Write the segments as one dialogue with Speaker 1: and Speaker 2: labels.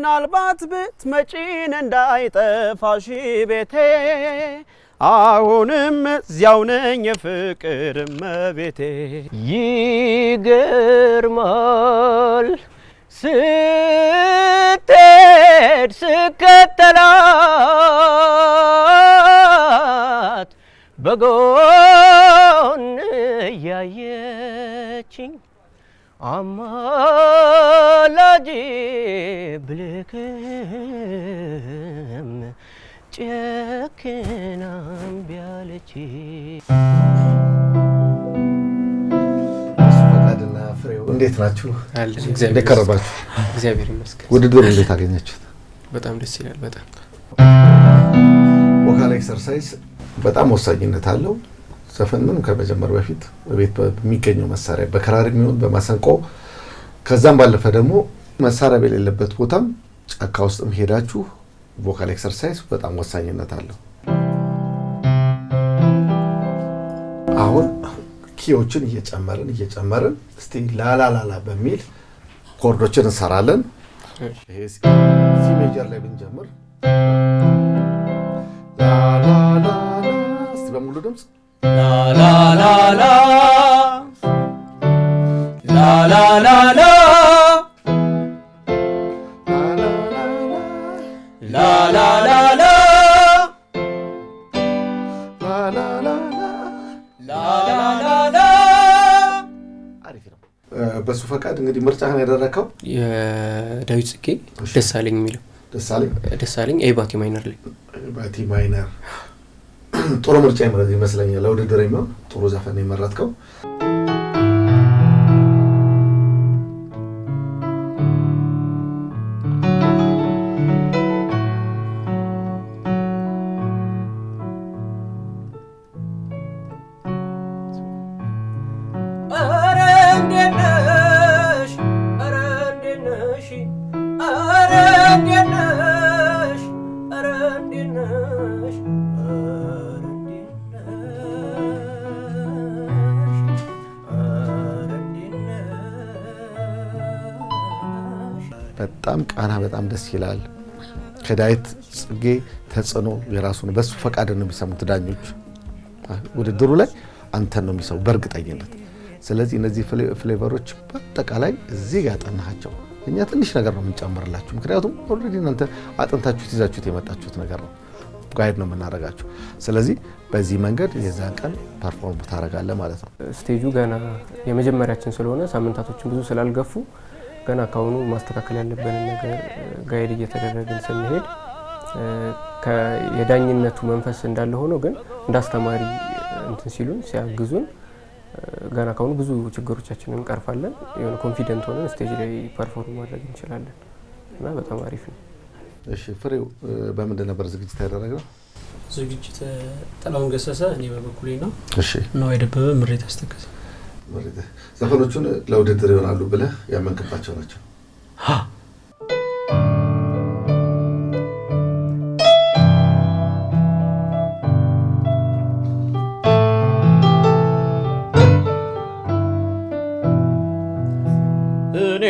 Speaker 1: ምናልባት ብትመጪን እንዳይጠፋሽ ቤቴ አሁንም እዚያው ነኝ የፍቅር መቤቴ። ይገርማል ስትሄድ ስከተላት በጎን እያየችኝ አማላጅ ጨክናም ቢያለች
Speaker 2: ፍሬው እንዴት ናችሁ? እንዴት ቀረባችሁ?
Speaker 3: እግዚአብሔር ይመስገን።
Speaker 2: ውድድሩ እንዴት አገኛችሁት?
Speaker 3: በጣም ደስ ይላል። በጣም
Speaker 2: ቮካል ኤክሰርሳይዝ በጣም ወሳኝነት አለው። ዘፈን ምንም ከመጀመር በፊት በቤት በሚገኘው መሳሪያ በክራር የሚሆን በማሰንቆ ከዛም ባለፈ ደግሞ መሳሪያ በሌለበት ቦታም ጫካ ውስጥም ሄዳችሁ ቮካል ኤክሰርሳይዝ በጣም ወሳኝነት አለው። አሁን ኪዎችን እየጨመርን እየጨመርን እስቲ ላላላላ በሚል ኮርዶችን እንሰራለን። ሲ ሜጀር ላይ ብንጀምር በሙሉ ድምፅ ፈቃድ እንግዲህ ምርጫህን ያደረከው
Speaker 3: የዳዊት ጽጌ ደሳለኝ የሚለው ደሳለኝ ኤባቲ ማይነር ላይ
Speaker 2: ኤባቲ ማይነር ጥሩ ምርጫ ይመስለኛል። ለውድድር የሚሆን ጥሩ ዘፈን የመረጥከው በጣም ቃና በጣም ደስ ይላል። ከዳዊት ጽጌ ተጽዕኖ ነው። በሱ ፈቃድ ነው የሚሰሙት ዳኞች ውድድሩ ላይ አንተን ነው የሚሰሙ በእርግጠኝነት። ስለዚህ እነዚህ ፍሌቨሮች በአጠቃላይ እዚህ ጋር ያጠናቸው እኛ ትንሽ ነገር ነው የምንጨምርላችሁ። ምክንያቱም ኦልሬዲ እናንተ አጥንታችሁት ይዛችሁት የመጣችሁት ነገር ነው፣ ጋይድ ነው የምናደርጋችሁ። ስለዚህ በዚህ መንገድ የዛን ቀን ፐርፎርም ታደርጋለህ ማለት ነው። ስቴጁ ገና የመጀመሪያችን ስለሆነ ሳምንታቶችን ብዙ ስላልገፉ ገና ካሁኑ ማስተካከል ያለብንን ነገር ጋይድ እየተደረግን ስንሄድ የዳኝነቱ መንፈስ እንዳለ ሆኖ ግን እንዳስተማሪ እንትን ሲሉን ሲያግዙን ገና ካሁኑ ብዙ ችግሮቻችንን እንቀርፋለን። የሆነ ኮንፊደንት ሆነን ስቴጅ ላይ ፐርፎርም ማድረግ እንችላለን እና በጣም አሪፍ ነው። እሺ ፍሬው፣ በምንድን ነበር ዝግጅት ነው? ዝግጅት ጥላውን ገሰሰ፣ እኔ በበኩሌ ነው። እሺ ነው ምሬት አስተከሰ ዘፈኖቹን ለውድድር ይሆናሉ ብለህ ያመንክባቸው ናቸው። እኔ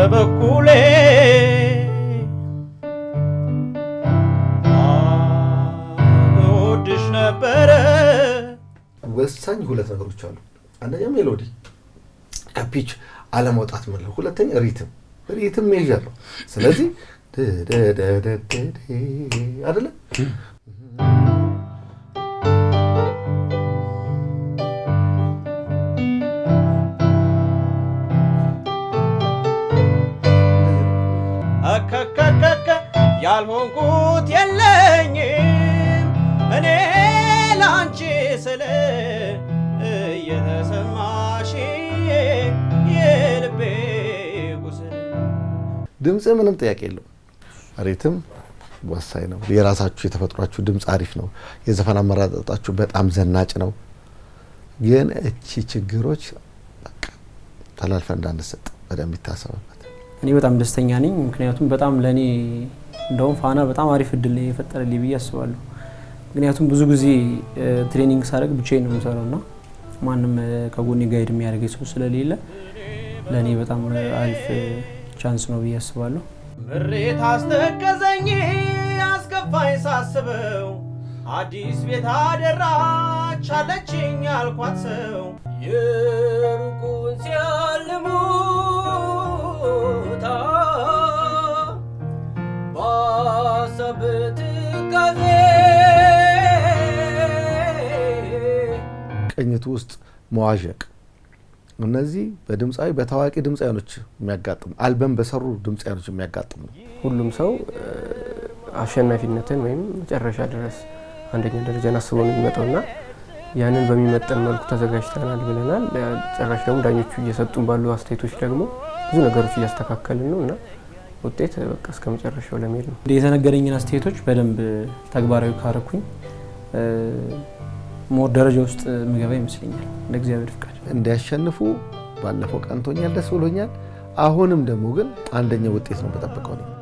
Speaker 2: በበኩሌ ነበረ። ወሳኝ ሁለት ነገሮች አሉ። አንደኛ ሜሎዲ ከፒች አለመውጣት ምለው፣ ሁለተኛ ሪትም ሪትም ሜዥር ነው። ስለዚህ አደለ ያልሆንኩት የለኝም እኔ ላንቺ ስለ ድምፅ ምንም ጥያቄ የለው። አሬትም ወሳኝ ነው። የራሳችሁ የተፈጥሯችሁ ድምፅ አሪፍ ነው። የዘፈን አመራጣጣችሁ በጣም ዘናጭ ነው። ግን እቺ ችግሮች ተላልፈ እንዳንሰጥ በደንብ ይታሰብበት። እኔ በጣም ደስተኛ ነኝ። ምክንያቱም በጣም ለእኔ እንደውም ፋና በጣም አሪፍ እድል የፈጠረልኝ ብዬ አስባለሁ። ምክንያቱም ብዙ ጊዜ ትሬኒንግ ሳደርግ ብቻዬን ነው የምሰራው ና ማንም ከጎኔ ጋይድ የሚያደርገኝ ሰው ስለሌለ ለእኔ በጣም አሪፍ ቻንስ ነው ብዬ አስባለሁ። ምሬት አስተከዘኝ አስከፋኝ ሳስበው አዲስ ቤት አደራች አለችኝ አልኳት ሰው የሩቁን ሲያልሙታ ባሰብት ውስጥ መዋዠቅ እነዚህ በድምፃዊ በታዋቂ ድምፃያኖች የሚያጋጥሙ አልበም በሰሩ ድምፃያኖች የሚያጋጥሙ ነው። ሁሉም ሰው አሸናፊነትን ወይም መጨረሻ ድረስ አንደኛ ደረጃን አስቦ ነው የሚመጣውና ያንን በሚመጠን መልኩ ተዘጋጅተናል ብለናል። ጭራሽ ደግሞ ዳኞቹ እየሰጡን ባሉ አስተያየቶች ደግሞ ብዙ ነገሮች እያስተካከልን ነው እና ውጤት በቃ እስከ መጨረሻው ለመሄድ ነው። የተነገረኝን አስተያየቶች በደንብ ተግባራዊ ካረኩኝ ሞር ደረጃ ውስጥ ምገባ ይመስለኛል እንደ እግዚአብሔር ፍቃድ። እንዲያሸንፉ ባለፈው ቀንቶኛል፣ ደስ ብሎኛል። አሁንም ደግሞ ግን አንደኛው ውጤት ነው በጠበቀው ነው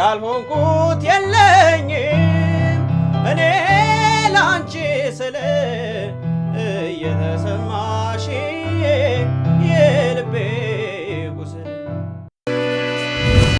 Speaker 2: ያልሆንኩ